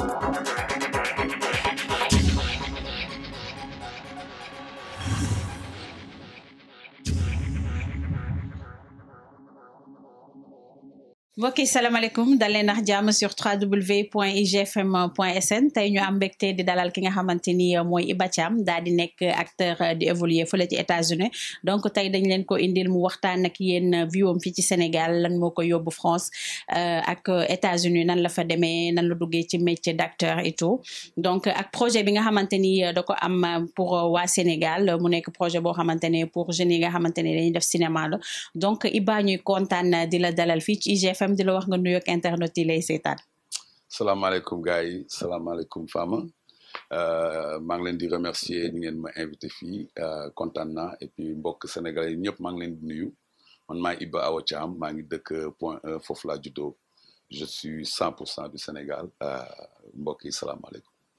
Thank you. Ok salam salaamaaleykum dal leen ak sur www.igfm.sn Tay ñu am mbégte di dalal ki nga xamanteni moy euh, mooy Iba di nek acteur euh, di évoluer fele ci États-Unis donc tay dañ leen ko indil mu waxtaan ak yeen euh, viewam fi ci Sénégal lan moko ko yóbbu France ak États-Unis nan la fa démé nan la duggé ci métier d'acteur et tout donc ak projet bi nga xamanteni ni da ko am pour wa Sénégal mu nek projet bo xamanteni pour jeunes yi nga xamanteni ne dañuy def cinéma la donc Iba ñuy contane di la dalal fi ci IGFM fam di la wax nga nuyoog internet yi lay seetaan. salaamaaleykum gars yi salaamaaleykum Fama euh, maa ngi leen di remercier ñi ngeen ma invité fii euh, kontaan naa et puis mbokk sénégalais yi ñëpp maa ngi leen di nuyu man maa Iba Awa Thiam maa ngi dëkk euh, Point E foofu laa juddoo je suis 100 du Sénégal mbokk yi salaamaaleykum.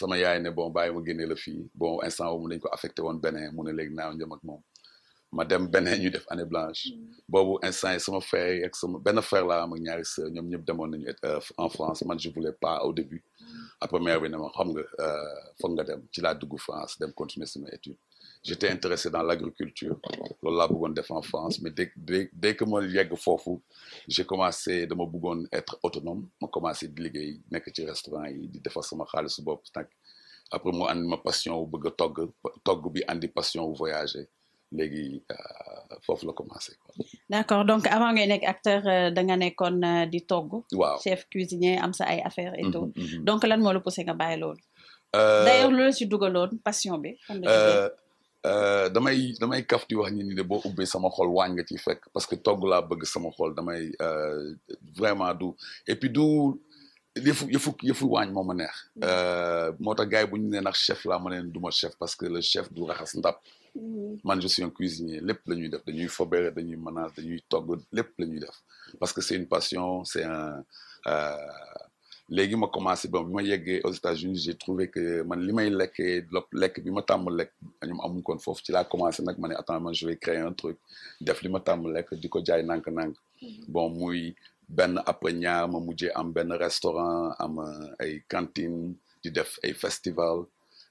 sama yaay ne bon bàyyi ma génne la bon instant boobu dañ ko affecté mu ne léegi naaw njëm ak moom ma dem blanche mm. instant sama frère sama ak ñaari euh, en France man je voulais pas au début mm. après mère bi ne ma xam nga France continuer j'étais intéressé dans l'agriculture loolu laa bëggoon def en France mais dès dès dès que mon yegg foofu j'ai commencé de me bougon être autonome ma commencé di liggéey nekk ci restaurant de di defar sama xaalisu bopp nag après moi, andi ma passion wu bëgg a togg togg bi andi passion wu voyager Légui, euh, foofu la commencé d'accord donc avant ngay nekk acteur euh, da nga nekkoon euh, di togg. chef cuisinier am sa ay affaires et mhm, tout. Mhm. donc lan moo la poussé nga bàyyi loolu. d'ailleurs loolu la si dugaloon passion bi. Euh, damay damay kaf di wax nit ni de bo ubbe sama xol waañ nga ciy fekk parce que togg la bëgg sama xol damay euh, vraiment du et puis du yëfu yëfu yëfu waañ moo ma neex. Mm. euh tax gay buñu bu nak chef la ma leen ma chef parce que le chef du raxas ndap mm. man je suis un cuisinier lepp lañuy def dañuy fobere dañuy menace dañuy togg lepp lañuy def parce que c'est une passion c'est un. Euh, léegi ma commencé Bon, bi ma yeggee aux États-Unis j'ai trouvé que man limay lekké lop lekk bi ma tàmm lekk ñoom amuñ kon fofu ci la commencé nak mané attends man je vais créer un truc def li ma tàmm lekk diko jaay nank nank mm-hmm. bon muy ben après ñaar ma mujjee am ben restaurant am euh, ay cantine di def ay festival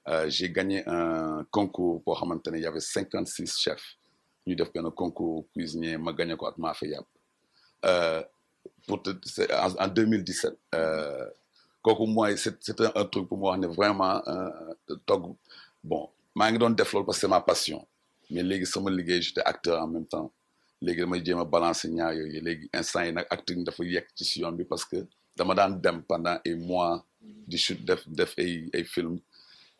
euh, j'ai gagné un concours pour xamante Il y avait 56 chefs ñu def benn concours cuisinier ma gagné ko ak maa fa euh pour te, en, en, 2017 euh, kooku moi, c'est, c'est un truc pour moi, on est vraiment togg bon maa ngi doon def parce que c'est ma passion mais léegi sama liggéey j'étais acteur en même temps léegi damay jéem a balancer balance yooyu léegi instant yi nag acting dafa yegg ci si bi parce que dama daan dem pendant un mois di shoot def def ay ay film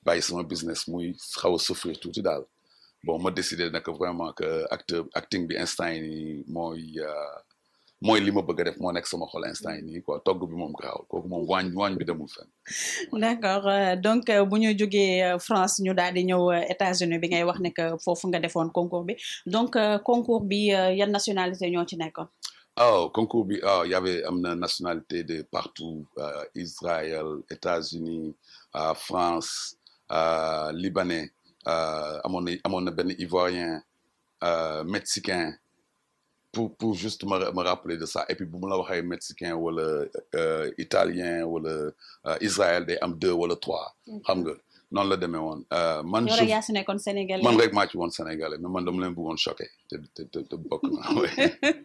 bàyyi sama business muy xaw a souffrir tout daal bon moi décidé nag vraiment que acteur acting bi instant yi nii euh, mooy li ma bëgg def moo nekk sama xol instant yi nii quoi togg bi moom gaawul kooku moom waañ waañ bi demul fenn. d' accord euh, donc euh, bu ñu jógee euh, France ñu daal di ñëw États-Unis bi ngay wax ne que foofu nga defoon concours bi donc concours bi yan nationalité ñoo ci nekkoon. oh concours bi oh y avait am na nationalité de partout Israël États-Unis France Libanais amoon na amoon na benn Ivoirien Mexicain pour pour juste me me rappeler de ça et puis bu mu la waxee mexicain wala euh, italien wala euh, Israël day am deux wala trois. xam nga non la won euh man je yow man rek ma ci won sénégalais mais man dama leen bëggoon choqué te te te bokk naa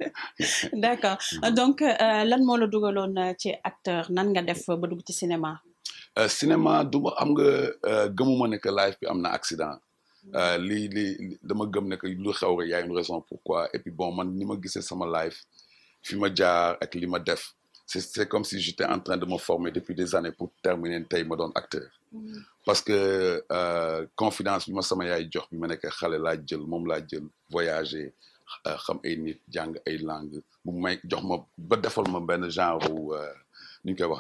d'accord hmm. donc euh, lan mo la dugaloon ci acteur nan nga def ba dugg ci cinéma. euh cinéma du ma xam nga gëmuma ne que life bi amna accident. Euh, li, dama a une raison pourquoi et puis bon man ni ma sama life ma vie ak li ma def c'est c'est comme si j'étais en train de me former depuis des années pour terminer un ma acteur. Mm. parce que euh, confidence bi ma sama yaay jox bi ma nekk xale laa jël moom laa jël voyager euh, xam ay nit ay may jox ma ba genre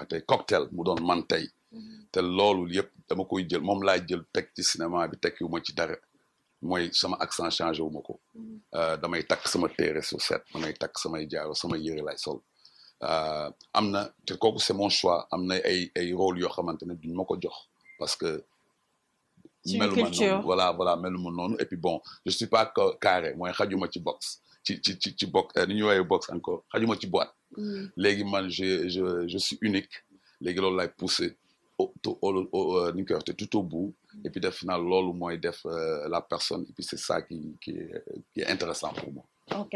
koy cocktail mu man mm-hmm. te dama koy jël moom laa jël teg ci cinéma bi teg yu ma ci dara mooy sama accent changé wu ma ko euh, damay takk sama téere su set damay takk samay jaaro sama yëre lay sol euh, am na te kooku c'est mon choix am na ay ay rôle yoo xamante ne duñ ma ko jox parce que meluma noonu voilà voilà meluma noonu et puis bon je suis pas carré mooy xajuma ci box ci ci ci ci box euh, ni ñu woowee box encore xajuma ci boîte mm. léegi man je je je suis unique léegi loolu lay poussé au au euh, tout au bout et puis def final loolu mooy def euh, la personne et puis c'est ça qui qui est, qui est intéressant pour moi ok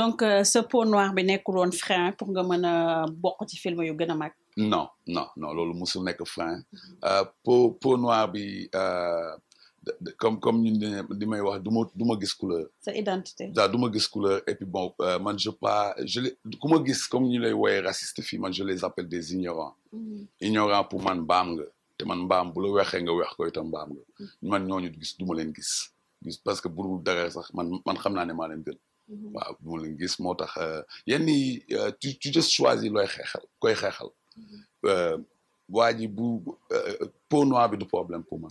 donc euh, ce pot noir bi nekkul frein pour nga je me bokk ci film yu gën mag non non non loolu musul nekk frein euh, pour pot noir bi comme comme di may wax couleur. identité. couleur et puis bon euh, je pas je les comme je les appelle des ignorants. Mm-hmm. Ignorants pour man bam te man bu nga ko itam mm-hmm. man parce que burul sax man man tu tu just qui loy xéxal koy mm-hmm. euh, bu euh, peau problème pour man.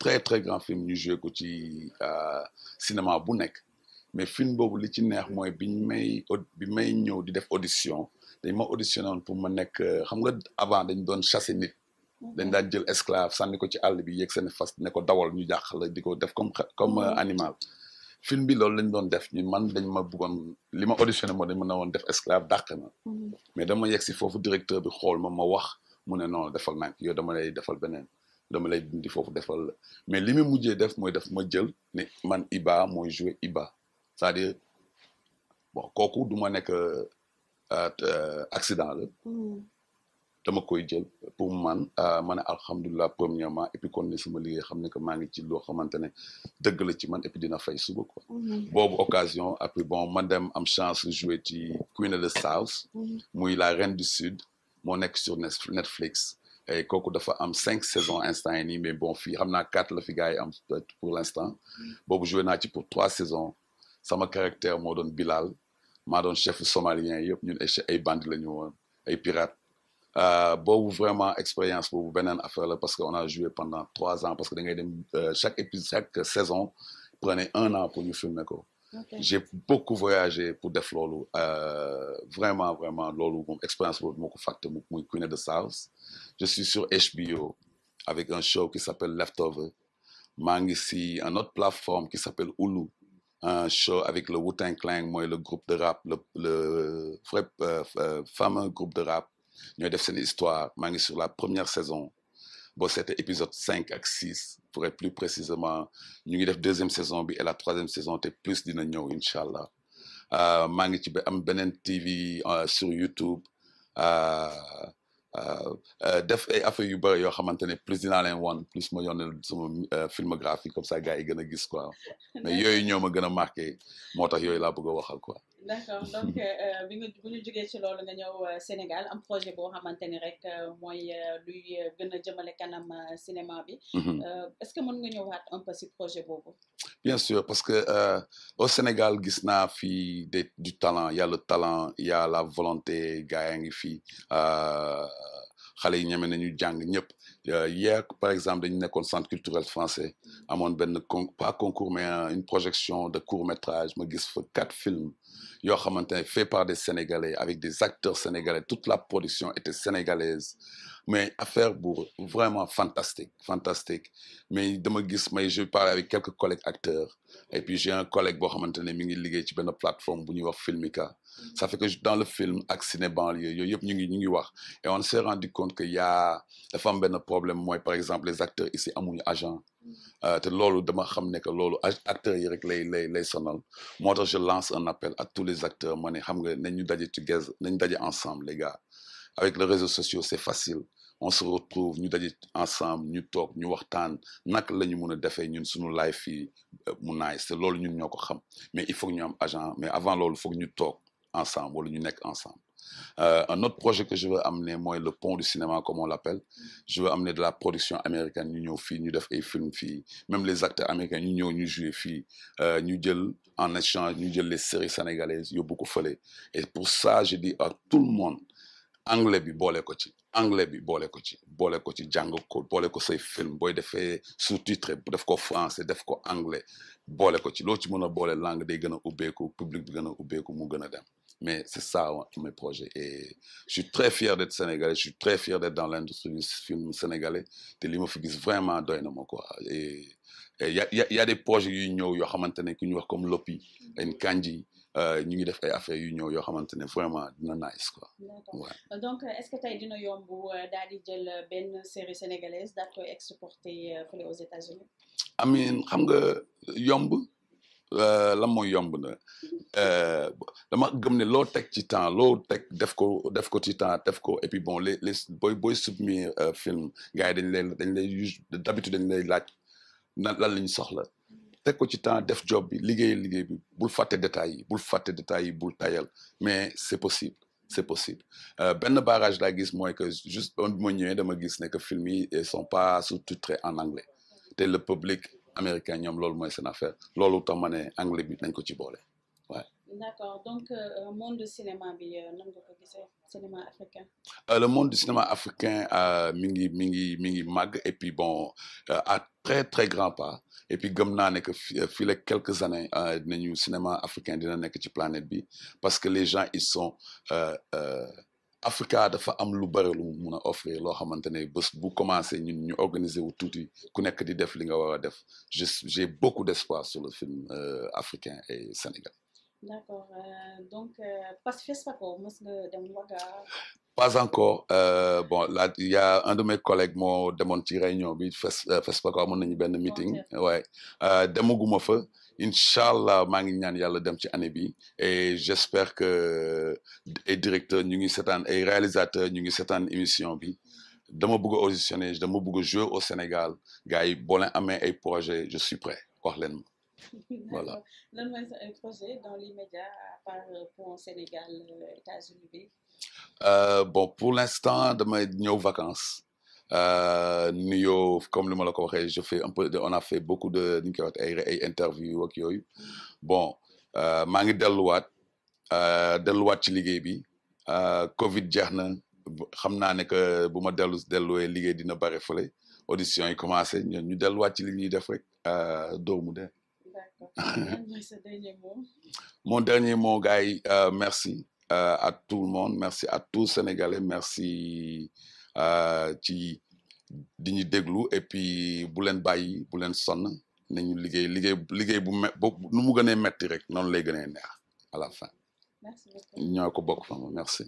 très très grand film ñu joué ko ci euh, cinéma bu nek mais film bobu li ci neex moy biñ may bi may ñëw di def audition dañ ma auditionné pour ma nek euh, xam nga avant dañ doon chasser nit mhm. dañ daan jël esclave sànni ko ci àll bi yéeg seen fas ne ko dawal ñu jàq la di ko def comme comme mhm. euh, animal film bi loolu lañ doon def ñu man dañ ma bëggoon li ma auditionné moo dañ ma ne def esclave dàq na mhm. mais dama yegg si foofu directeur bi xool ma ma wax mu ne noonu defal nank yow dama lay defal beneen dama lay dindi foofu defal la mais li mu mujjee def mooy def ma jël ne man Iba mooy jouer Iba c'est-à-dire bon kooku du ma nekk euh, euh, accident la hmm. dama koy jël pour man euh, ma ne alhamdulilah premièrement et puis kon ne suma liggéey xam ne que maa ngi ci loo xamante ne dëgg la ci man et puis dina fay suba quoi. Hmm. boobu occasion après bon man dem am chance jouer ci Queen of the South. Hmm. muy la reine du sud moo nekk sur Netflix et eh, koko dafa am 5 saisons instant l'instant, mais bon fi ramna 4 la fi euh, pour l'instant bobu joué na ci pour 3 saisons sama caractère mo don bilal ma don chef somalien yop ñun ay bande la ñu ay pirate euh, bobu vraiment expérience pour benen affaire parce qu'on a joué pendant 3 ans parce que euh, chaque épisode chaque saison prenait un an pour nous filmer j'ai beaucoup voyagé pour def loolu euh, vraiment vraiment lolo, une expérience beaucoup de facteurs, Je suis Queen of the South je suis sur HBO avec un show qui s'appelle Leftover Je suis ici autre plateforme qui s'appelle Hulu un show avec le Wu-Tang Clan et le groupe de rap le euh, euh, fameux groupe de rap avons def une histoire Je sur la première saison Bon, cet épisode 5 à 6, pour être plus précisément ñu ngi def deuxième saison bi et la troisième saison était plus dina ñëw Inshallah, Mangi euh, maa ngi ci am benen TV euh, sur YouTube euh, def ay affaire yu bëri yoo xamante ne plus dinaa leen wan plus ma yónnee sama filmographie comme ça gars yi gën a gis quoi mais yooyu ñoo ma gën a marqué moo tax yooyu laa bëgg a waxal quoi. D'accord. donc vous euh, euh, nga bu ñu ci nga euh, Sénégal un projet pour maintenir le rek a kanam cinéma mhm. est ce que mën nous ñëwaat un peu ce projet boobu. bien sûr parce que euh, au Sénégal il y a des du talent il y' a le talent il y' a la volonté gars y a fi xale yi ont nañu hier par exemple a un centre culturel français amoon benn un pas concours mais une projection de court métrage il y a quatre films fait par des sénégalais avec des acteurs sénégalais toute la production était sénégalaise mais affaire vraiment fantastique fantastique mais dama je parle avec quelques collègues acteurs et puis j'ai un collègue qui xamante ne mi plateforme bu Filmica ça fait que dans le film, Axiné banlieue, yoyu ñu ngi ñu wax et on s'est rendu compte que y a dafa am ben problème moi par exemple les acteurs ici amuñu agent. Euh lolo lolu dama xam que lolu acteurs yi rek lay lay lay sonal. Motax je lance un appel à tous les acteurs mané xam nga nañu dajé together, nañu dajé ensemble les gars. Avec les réseaux sociaux, c'est facile. on se retrouve ñu dajé ensemble ñu tok ñu waxtaan nak lañu mëna défé ñun suñu life yi euh, mu naay c'est lolo ñun ñoko xam mais il faut que ñu am agent mais avant faut que ñu tok ensemble le ñu ensemble euh, un autre projet que je veux amener moi le pont du cinéma comme on l'appelle je veux amener de la production américaine ñu FI, New ñu def ay film fi. même les acteurs américains ñu ñëw ñu jouer Euh, en échange ñu jël les séries sénégalaises Il y beaucoup beaucoup choses. et pour ça je dis à tout le monde anglais bi boole ko ci anglais bi boole ko ci bon, ko ci jàng ko boole ko say film bon, defee sous-titré def ko français def ko anglais boole ko ci ci a langue day il a public bi a mu gën mais c'est ça mes projets. Et je suis très fier d'être sénégalais, je suis très fier d'être dans l'industrie du film sénégalais. Te li ma vraiment doy na quoi. Et il y a, y, y a des projets yu ñëw yoo xamante qui ku ñu comme Lopi, une mm-hmm. Kanji. Euh, ñu ngi def ay affaires yu ñëw yoo vraiment nice quoi. donc euh, est-ce que tey dina yomb euh, daal de jël benn série sénégalaise d'après exporter fële aux États-Unis. amiin xam nga yomb. Euh, lan mooy yomb na euh, dama gëm ne loo teg ci temps loo teg def ko def ko ci temps def ko et puis bon les les booy booy submit euh, film gars yi dañ lay dañ lay use d'habitude dañ lay laaj na lan la soxla teg ko ci temps def job bi liggéey liggéey bi bul fàtte détails yi bul fàtte détails yi bul tayal mais c'est possible c'est possible benn barrage laa gis mooy que juste bi ma ñëwee dama gis ne que film yi sont pas sous-titrés en anglais te le public américain ñoom loolu mooy seen affaire loolu tax ma anglais bi nañ ko ci bolé waaye. d'accord donc euh, euh, monde du cinéma bi euh, nan nga ko gissé cinéma africain. euh, le monde du cinéma africain a ngi mingi mingi mi ngi et puis bon à très très grand pas et puis gëm na né que filé quelques années dinañu cinéma africain dina nek ci planète bi parce que les gens ils sont. euh, euh, Africa dafa am lu bari lu mun a offrir loo xamante ne bés bu commencé ñun ñu organiser wu tuuti ku nekk di def li nga war a def je j'ai beaucoup d'espoir sur le film euh, africain et sénégalais. D'accord euh, donc euh, Pacifique Sako mës nga dem waga. Pas encore. Euh, bon, là, il y a un de mes collègues m'a démenti réunion, mais je fais pas comme on a un meeting. Ouais. Euh, Demogouma feu. Inch'Allah, mangi ñaan yalla dem ci année et j'espère que les euh, directeurs ñu ngi sétane et réalisateurs ñu ngi sétane émission bi dama bëgg auditionner dama bëgg jouer au Sénégal gaay bo len amé ay projet je suis prêt wax voilà lan mooy sa projet dans l'immédiat à part euh, pour le Sénégal euh, États-Unis euh, bon pour l'instant damay ñëw vacances euh, nuyoo comme li ma la ko je fais un peu de, on a fait beaucoup de ni ñu koy waxee ay ay interviews ak yooyu bon maa ngi delluwaat delluwaat ci liggéey bi Covid jeex na xam naa ne que bu ma dellu delluwee liggéey dina bare fële audition yi commencé ñun ñu delluwaat ci li ñuy def rek doomu de. Mon dernier mot, Guy, euh, merci euh, à tout le monde, merci à tous les Sénégalais, merci à euh, ci diñu déglu et puis bu leen bàyyi bu leen sonn nañu liggéey liggéey Non, bu met nu mu gënee metti rek noonu lay gënee neex à la fin. ñoo beaucoup bokk merci.